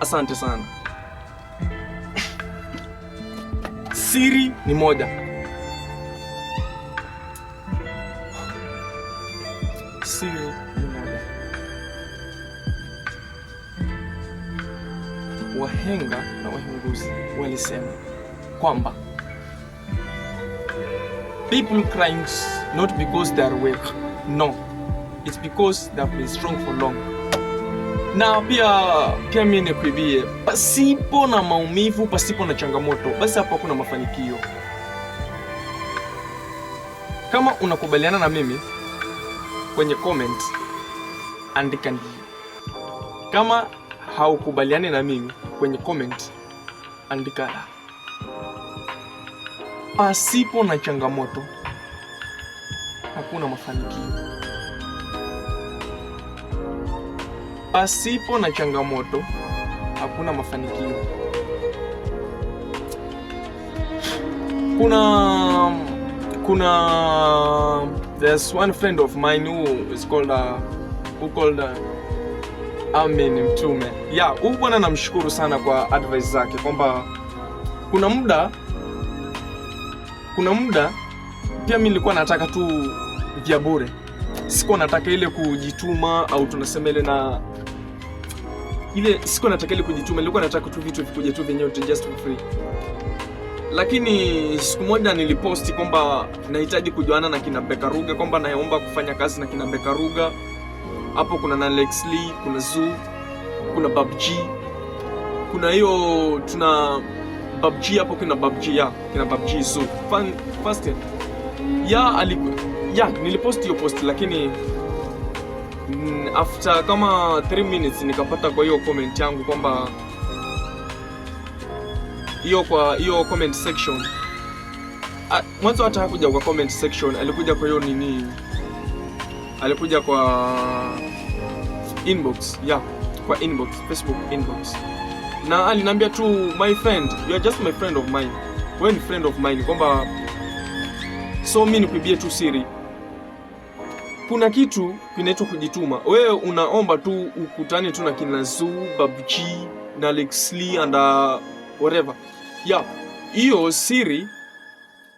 Asante sana. siri ni moja. Siri ni moja. Wahenga na wahenguzi walisema kwamba people crying not because they are weak, no, it's because they have been strong for long na pia pia mimi nikuibie, pasipo na maumivu, pasipo na changamoto, basi hapo hakuna mafanikio. Kama unakubaliana na mimi kwenye comment andika ndio. Kama haukubaliani na mimi kwenye comment andika la. Pasipo na changamoto hakuna mafanikio. Pasipo na changamoto hakuna mafanikio. Kuna kuna there's one friend of mine who is called a, uh, who called a, uh, Amin Mtume. Yeah, huyu bwana namshukuru sana kwa advice zake kwamba kuna muda kuna muda pia mimi nilikuwa nataka tu vya bure, sikuwa nataka ile kujituma au tunasema ile na ile siku nataka ile kujituma, nilikuwa nataka tu vitu vikuje tu vyenyewe just for free. Lakini siku moja niliposti kwamba nahitaji kujuana na kina Beka Ruga, kwamba naomba kufanya kazi na kina Beka Ruga. Hapo kuna na Lex Lee, kuna Zoo, kuna PUBG. kuna hiyo tuna PUBG hapo, kuna PUBG ya kuna PUBG Zoo. Fun, first ya, aliku, ya niliposti hiyo post lakini Mm, after kama 3 minutes nikapata kwa hiyo comment yangu kwamba hiyo kwa hiyo comment section ah, mwanzo hata hakuja kwa comment section, alikuja kwa hiyo nini, alikuja kwa inbox ya yeah, kwa inbox Facebook inbox, na aliniambia tu my friend, you are just my friend of mine, wewe ni friend of mine, kwamba so mimi nikuibie tu siri kuna kitu kinaitwa kujituma. Wewe unaomba tu ukutane tu na kina Zoo, Babji na Lex Lee and uh, whatever. Yeah, hiyo siri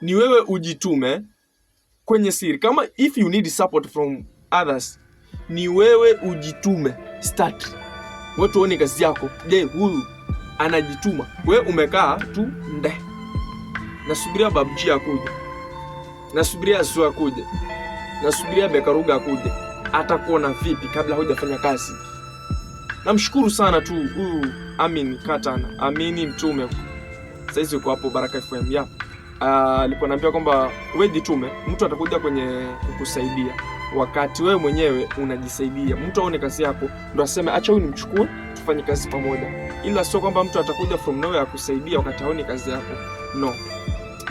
ni wewe ujitume kwenye siri. Kama if you need support from others, ni wewe ujitume start. Watu tuone kazi yako. Je, huyu anajituma? Wewe umekaa tu nde, nasubiria Babji akuje. nasubiria Zoo akuje nasubiria Bekaruga akuje. Atakuona vipi kabla hujafanya kazi? Namshukuru sana tu huyu Amin Katana, Amini Mtume, saizi uko hapo Baraka FM ya alikuwa ah, uh, naambia kwamba wewe jitume, mtu atakuja kwenye kukusaidia wakati wewe mwenyewe unajisaidia. Mtu aone kazi yako ndo aseme acha huyu nimchukue tufanye kazi pamoja, ila sio kwamba mtu atakuja from nowhere akusaidia wakati aone kazi yako no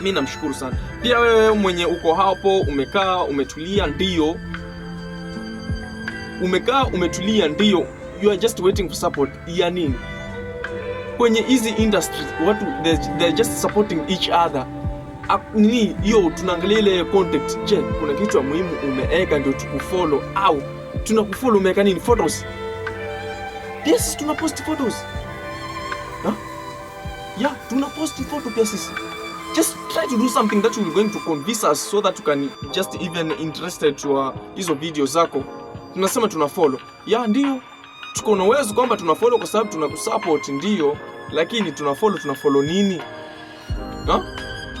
mi namshukuru sana. Pia wewe mwenye uko hapo umekaa umetulia, ndio umekaa umetulia, ndio you are just waiting for support ya nini? Kwenye hizi industry watu they just supporting each other nini hiyo, tunaangalia ile contact. Je, kuna kitu muhimu umeeka ndio tukufollow au tunakufollow umeeka nini? Photos? yes sisi tunaposti photos. Ha? Ya, tunaposti photo pia sisi just try to do something that will going to convince us so that you can just even interested to hizo video zako. Tunasema tuna follow. Ya ndio. Tuko na uwezo kwamba tuna follow kwa sababu tuna support ndio, lakini tuna follow tuna follow nini? Ha?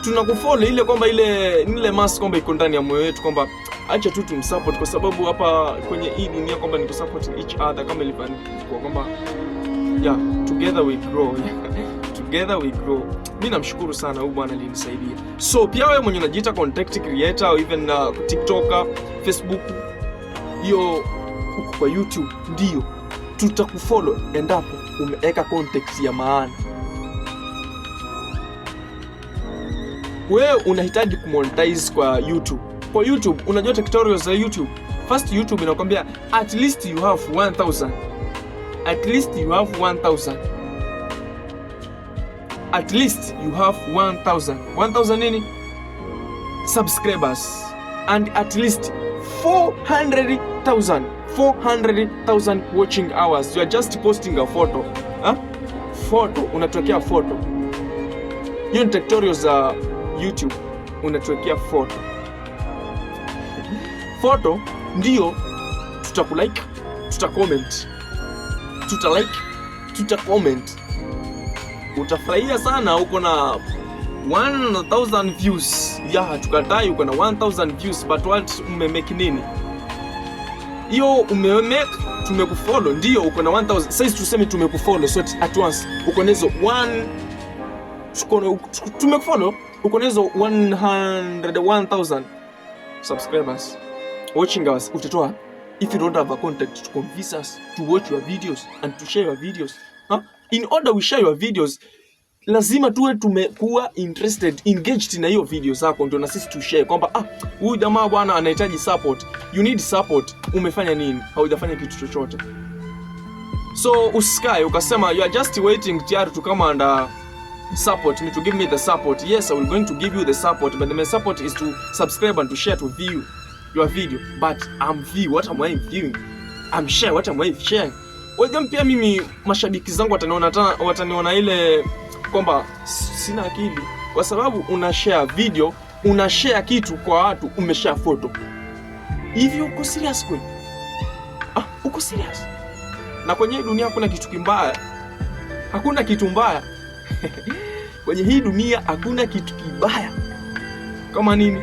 tuna Tunakufollow ile kwamba ile ile mask kwamba iko ndani ya moyo wetu kwamba acha tu tumsupport kwa sababu hapa kwenye hii dunia kwamba ni support each other kama ilivyoandikwa kwamba yeah, together we grow. together we grow mi namshukuru sana huyu bwana alinisaidia. So pia wewe mwenye unajiita content creator au even na uh, TikToker, Facebook, hiyo huko kwa YouTube, ndio tutakufollow endapo umeweka context ya maana. Wewe unahitaji kumonetize kwa YouTube. Kwa YouTube unajua tutorials za YouTube. First YouTube inakwambia at least you have 1000. At least you have 1000 at least you have 1000 1000 nini subscribers and at least 400,000 400,000 watching hours you are just posting a photo huh? photo unatwekea photo hiyo ni tutorials za YouTube unatwekea photo photo ndio tutakulike tuta tutalike tuta tuta utafurahia sana, uko na 1000 views. Ya hatukatai uko na 1000 views, but what umemeki nini? Hiyo umemake tumekufollow, ndio uko na 1000. Sasa tuseme tumekufollow, so at once uko nazo 1 tumekufollow, uko nazo 100 1000 subscribers watching us, utatoa if you don't have a contact to convince us to watch your videos and to share your videos huh? in order we share your videos lazima tuwe tumekuwa interested engaged na hiyo video zako, ndio na sisi tu share kwamba ah, huyu jamaa bwana anahitaji support, you need support. Umefanya nini? Haujafanya kitu chochote, so usikae ukasema you are just waiting tayari to come and uh, support me to give me the support. Yes, I will going to give you the support, but the main support is to subscribe and to share to view your video. But I'm view what am I viewing? I'm share what am I sharing? Wajam pia mimi mashabiki zangu wataniona wataniona ile kwamba sina akili, kwa sababu una share video, una share kitu kwa watu, umeshare photo hivyo. Uko serious kweli? Ah, uko serious? Na kwenye dunia hakuna kitu kimbaya, hakuna kitu mbaya kwenye hii dunia hakuna kitu kibaya kama nini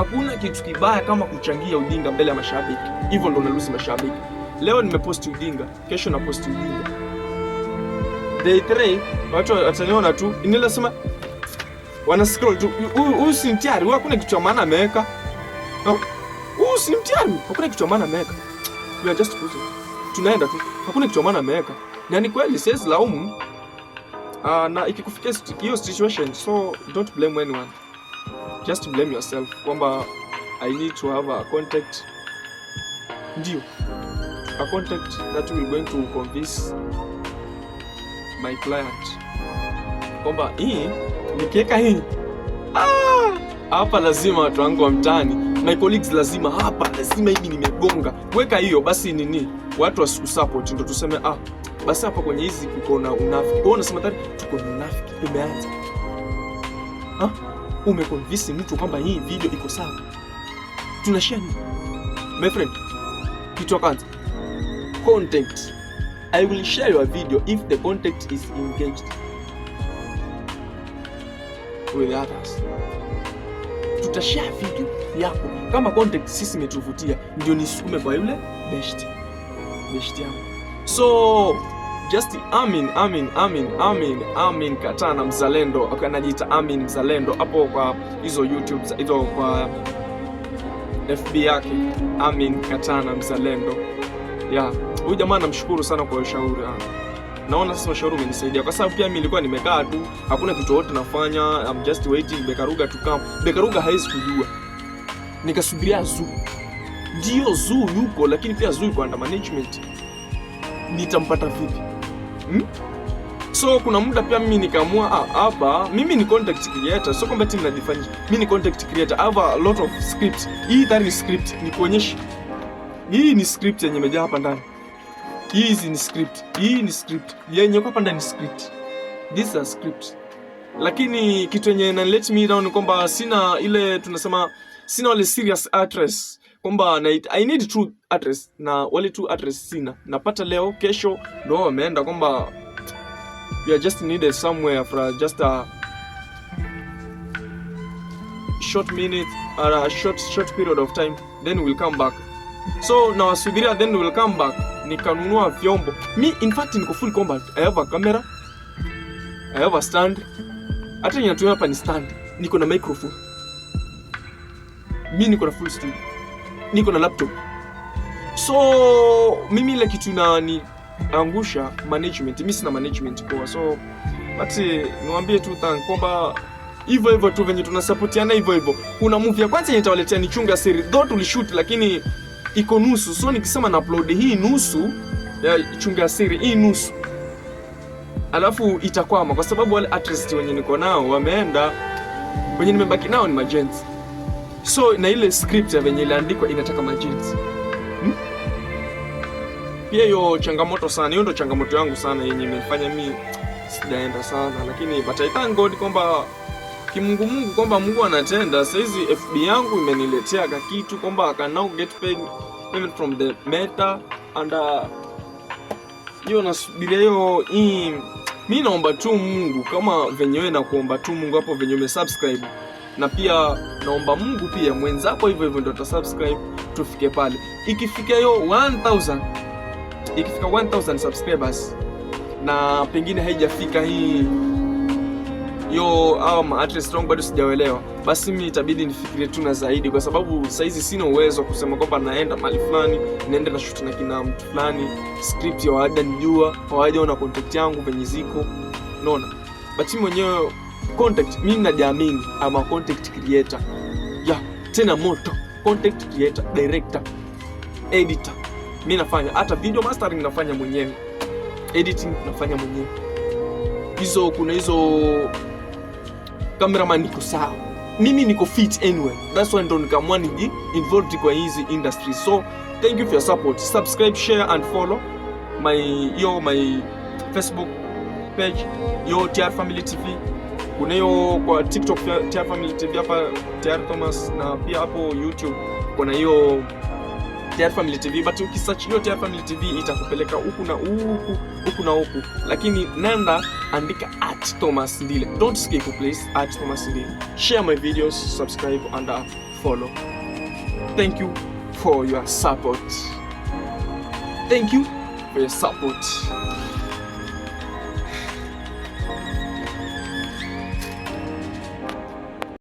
Hakuna kitu kibaya kama kuchangia ujinga mbele ya mashabiki. Hivyo ndo unalusi mashabiki. Leo nimeposti ujinga, kesho naposti ujinga. Day 3 watu wataniona tu, sema wana scroll tu. Huyu si mtiari, huyu hakuna kitu cha maana ameweka. Huyu si mtiari, hakuna kitu cha maana ameweka. We are just cruising. Tunaenda tu. Hakuna kitu cha maana ameweka. Na ni kweli siwezi laumu. Uh, na ikikufikia hiyo situation so don't blame anyone just blame yourself kwamba I need to have a contact, ndio a contact that will going to convince my client kwamba hii nikiweka hii ah, hapa ah, lazima watu wangu wa mtaani my colleagues lazima hapa lazima hivi nimegonga weka hiyo basi nini watu wasikusupport, ndio tuseme ah, basi hapa kwenye hizi kuko na unafiki. Wewe unasema tayari tuko na unafiki umeanza umekonvisi mtu kwamba hii video iko sawa, tunashare nini? My friend, kitu kwanza content. I will share your video if the content is engaged with others. Tutashare video yako kama content sisi metuvutia ndio nisukume kwa yule best best yangu so just Amin, Amin, Amin, Amin, Amin katana mzalendo mzalendo akanajiita Amin mzalendo hapo kwa hizo YouTube hizo kwa FB yake Amin katana na mzalendo yeah. Huyu jamaa namshukuru sana kwa ushauri. Ah, naona sasa ushauri umenisaidia kwa sababu pia mimi nilikuwa nimekaa tu, hakuna kitu yote nafanya. I'm just waiting Bekaruga to come. Bekaruga haizi kujua, nikasubiria Zuu. Ndio Zuu yuko, lakini pia Zuu yuko under management, nitampata vipi? Hmm? So kuna muda pia mimi nikaamua ah, hapa, mimi ni content creator, so kwamba tena nafanya mimi ni content creator. I have a lot of scripts. Hii tayari ni script, ni kuonyesha Hii ni script yenye imejaa hapa ndani. Hizi ni script, hii ni script yenye iko hapa ndani, script. This are script. Lakini kitu yenye na let me down ni kwamba sina ile tunasema, sina ile serious actress kwamba I need true address na wale true address sina, napata leo kesho ndo wameenda kwamba we are just needed somewhere for just a short minute or a short short period of time then we'll come back. So nawasubiria then we'll come back, nikanunua vyombo mi, in fact niko full combat. I have a camera, I have a stand, hata ninatumia hapa ni stand, niko na microphone mi, niko na full studio niko na laptop. So mimi ile kitu angusha management, mimi sina management poa. So but eh, niwaambie tu thank kwamba hivyo hivyo tu venye tunasupportiana hivyo hivyo. Kuna movie ya kwanza nitawaletea ni chunga siri, though tulishoot lakini iko nusu. So nikisema na upload hii nusu ya chunga siri hii nusu alafu itakwama kwa sababu wale artists wenye niko nao wameenda, wenye nimebaki nao ni majenzi So na ile script ya venye iliandikwa inataka majinsi hmm? Pia hiyo changamoto sana, hiyo ndo changamoto yangu sana yenye imefanya mi sijaenda sana, lakini but I thank God kwamba kimungu Mungu kwamba Mungu anatenda. Saizi FB yangu imeniletea kitu kwamba I can now get paid even from the meta and uh, hiyo uh, nasubiria hiyo hii. Mi naomba tu Mungu kama venyewe na kuomba tu Mungu hapo venye umesubscribe na pia naomba Mungu pia mwenzako hivyo hivyo ndio subscribe tufike pale. Ikifika hiyo 1000 ikifika 1000 subscribers na pengine haijafika hii yo ama um, at least strong bado sijaelewa, basi mimi itabidi nifikirie tu na zaidi, kwa sababu saizi sina uwezo kusema kwamba naenda mahali fulani naenda na shoot na kina mtu fulani, script ya wada nijua hawajaona contact yangu venye ziko, unaona but mimi mwenyewe content mimi najiamini, ama content creator ya tena moto, content creator, director, editor. Mimi nafanya hata video mastering nafanya mwenyewe, editing nafanya mwenyewe. Hizo kuna hizo cameraman niko sawa, mimi niko fit anyway, that's why ndo nikaamua niji involved kwa hizi industry. So thank you for your support, subscribe, share and follow my yo my Facebook page yo TR Family TV. Kuna hiyo kwa TikTok Tia Family TV hapa Tiar Thomas, na pia hapo YouTube kuna hiyo Tiar Family TV, but ukisearch hiyo Tiar Family TV itakupeleka huku na huku huku na huku, lakini nenda andika at Thomas Ndile, don't skip please, at Thomas Ndile. Share my videos, subscribe and uh, follow. Thank you for your support. Thank you for your support.